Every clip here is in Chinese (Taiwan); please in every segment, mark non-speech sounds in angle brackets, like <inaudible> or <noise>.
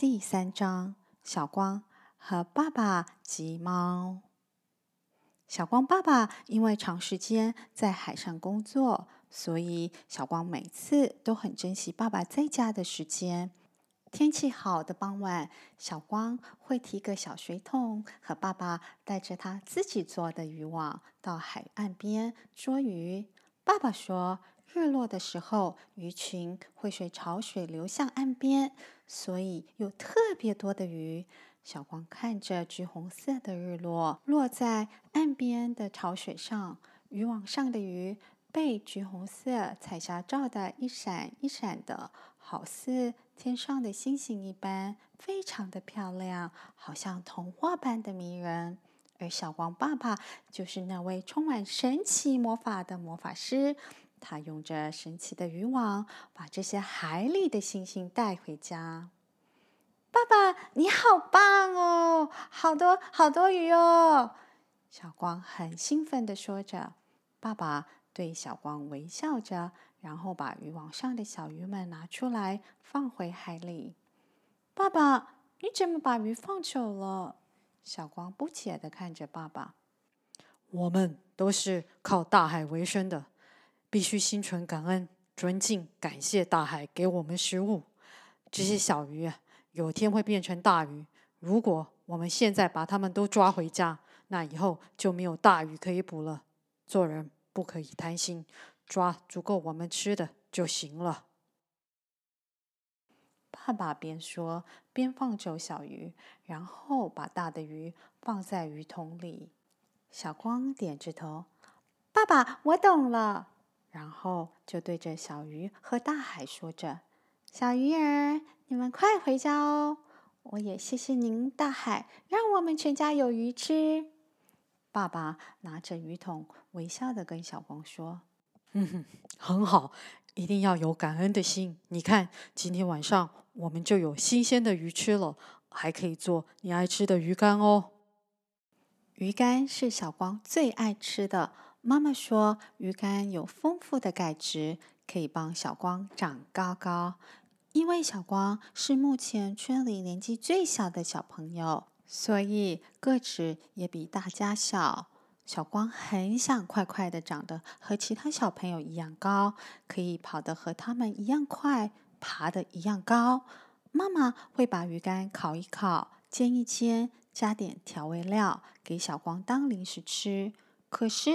第三章，小光和爸爸及貓。小光爸爸因為長時間在海上工作，所以小光每次都很珍惜爸爸在家的時間。天氣好的傍晚，小光會提個小水桶，和爸爸帶着他自己做的漁網到海岸邊捉魚。爸爸說。日落的時候，魚群會隨潮水流向岸邊，所以有特別多的魚。小光看着橘紅色的日落落在岸邊的潮水上，漁網上的魚被橘紅色彩霞照得一閃一閃的，好似天上的星星一般，非常的漂亮，好像童話般的迷人。而小光爸爸就是那位充滿神奇魔法的魔法師。他用着神奇的漁網，把這些海裡的星星帶回家。爸爸，你好棒哦！好多好多魚哦！小光很興奮地說着。爸爸對小光微笑着，然後把漁網上的小魚們拿出來放回海裡。爸爸，你怎麼把魚放走了？小光不解地看着爸爸。我們都是靠大海為生的。必須心存感恩、尊敬、感謝大海給我們食物。這些小魚啊，有天會變成大魚。如果我們現在把他們都抓回家，那以後就沒有大魚可以捕了。做人不可以貪心，抓足夠我們吃的就行了。爸爸邊說邊放走小魚，然後把大的魚放在魚桶裡。小光點着頭：“爸爸，我懂了。”然後就對着小魚和大海說着：“小魚兒，你們快回家哦！我也謝謝您，大海，讓我們全家有魚吃。”爸爸拿着魚桶，微笑的跟小光說：“嗯哼，很好，一定要有感恩的心。你看，今天晚上我們就有新鮮的魚吃了，還可以做你愛吃的魚乾哦。魚乾是小光最愛吃的。”媽媽說：“魚乾有豐富的鈣質，可以幫小光長高高。因為小光是目前村裡年紀最小的小朋友，所以個子也比大家小。小光很想快快的長得和其他小朋友一樣高，可以跑得和他們一樣快，爬得一樣高。媽媽會把魚乾烤一烤，煎一煎，加點調味料，給小光當零食吃。”可是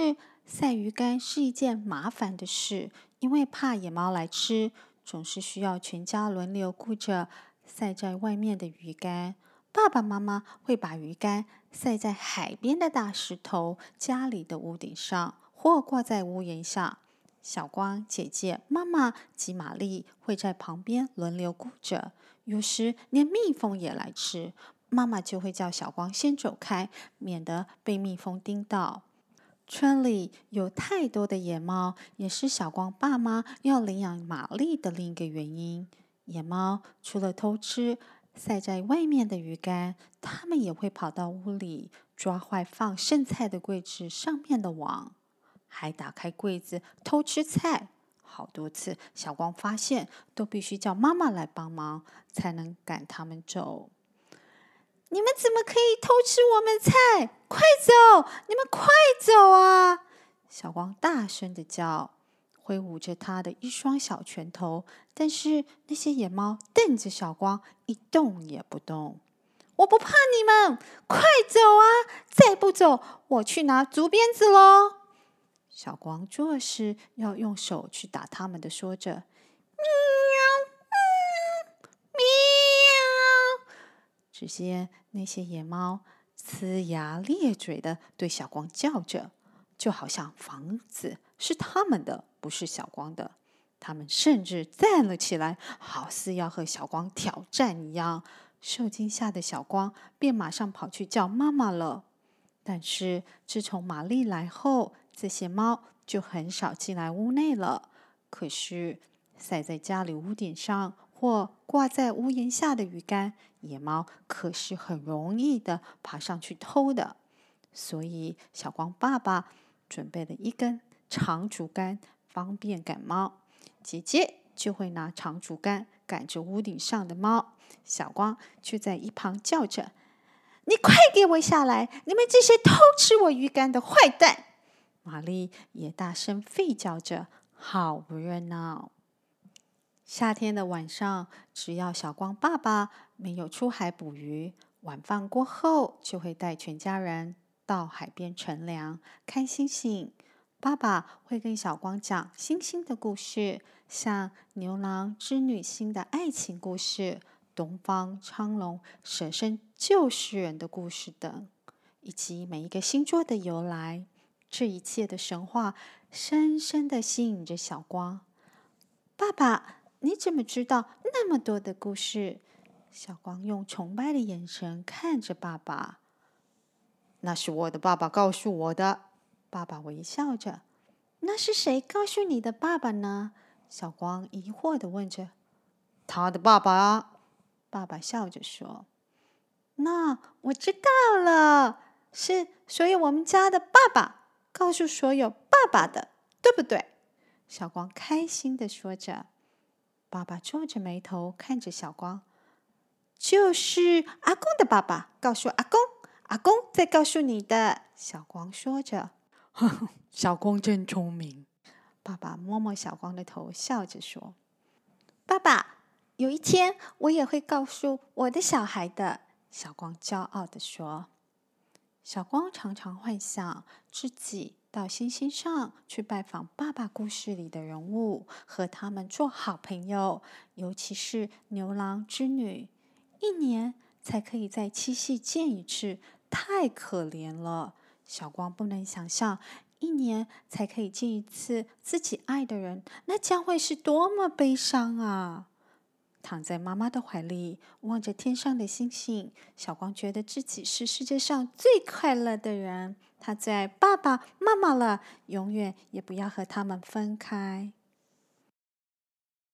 曬魚乾是一件麻煩的事，因為怕野貓來吃，總是需要全家輪流顧着曬在外面的魚乾。爸爸媽媽會把魚乾曬在海邊的大石頭、家裡的屋頂上，或掛在屋簷下。小光、姐姐、媽媽及瑪麗會在旁邊輪流顧着。有時連蜜蜂也來吃，媽媽就會叫小光先走開，免得被蜜蜂叮到。村裡有太多的野貓，也是小光爸媽要領養瑪麗的另一個原因。野貓除了偷吃曬在外面的魚乾，它們也會跑到屋裡抓壞放剩菜的櫃子上面的網，還打開櫃子偷吃菜。好多次，小光發現都必須叫媽媽來幫忙，才能趕它們走。你們怎麼可以偷吃我們菜？快走！你們快走啊！小光大聲的叫，揮舞着他的一雙小拳頭。但是那些野貓瞪着小光，一動也不動。我不怕你們，快走啊！再不走，我去拿竹鞭子嘍！小光作勢要用手去打它們的，說着。只見那些野貓呲牙咧嘴地對小光叫着，就好像房子是他們的，不是小光的。他們甚至站了起來，好似要和小光挑戰一樣。受驚嚇的小光便馬上跑去叫媽媽了。但是自從瑪麗來後，這些貓就很少進來屋內了。可是曬在家裡屋頂上。或掛在屋檐下的魚乾，野貓可是很容易的爬上去偷的。所以小光爸爸準備了一根長竹竿，方便趕貓。姐姐就會拿長竹竿趕着屋頂上的貓，小光就在一旁叫着：“你快給我下來！你們這些偷吃我魚乾的壞蛋！”瑪麗也大聲吠叫着，好不熱鬧。夏天的晚上，只要小光爸爸沒有出海捕魚，晚飯過後就會帶全家人到海邊乘涼、看星星。爸爸會跟小光講星星的故事，像牛郎織女星的愛情故事、東方蒼龍捨身救世人的故事等，以及每一個星座的由來。這一切的神話深深地吸引着小光。爸爸。你怎麼知道那麼多的故事？小光用崇拜的眼神看着爸爸。那是我的爸爸告訴我的。爸爸微笑着。那是誰告訴你的爸爸呢？小光疑惑的問着。他的爸爸啊。爸爸笑着說。那我知道了，是所有我們家的爸爸告訴所有爸爸的，對不對？小光開心的說着。爸爸皺着眉頭看着小光，就是阿公的爸爸告訴阿公，阿公再告訴你的。小光說着， <laughs> 小光真聰明。爸爸摸摸小光的頭，笑着說：“爸爸，有一天我也會告訴我的小孩的。”小光驕傲地說。小光常常幻想自己。到星星上去拜訪爸爸故事裡的人物，和他們做好朋友。尤其是牛郎織女，一年才可以在七夕見一次，太可憐了。小光不能想象，一年才可以見一次自己愛的人，那將會是多麼悲傷啊！躺在媽媽的懷裡，望着天上的星星，小光覺得自己是世界上最快樂的人。他最愛爸爸媽媽了，永遠也不要和他們分開。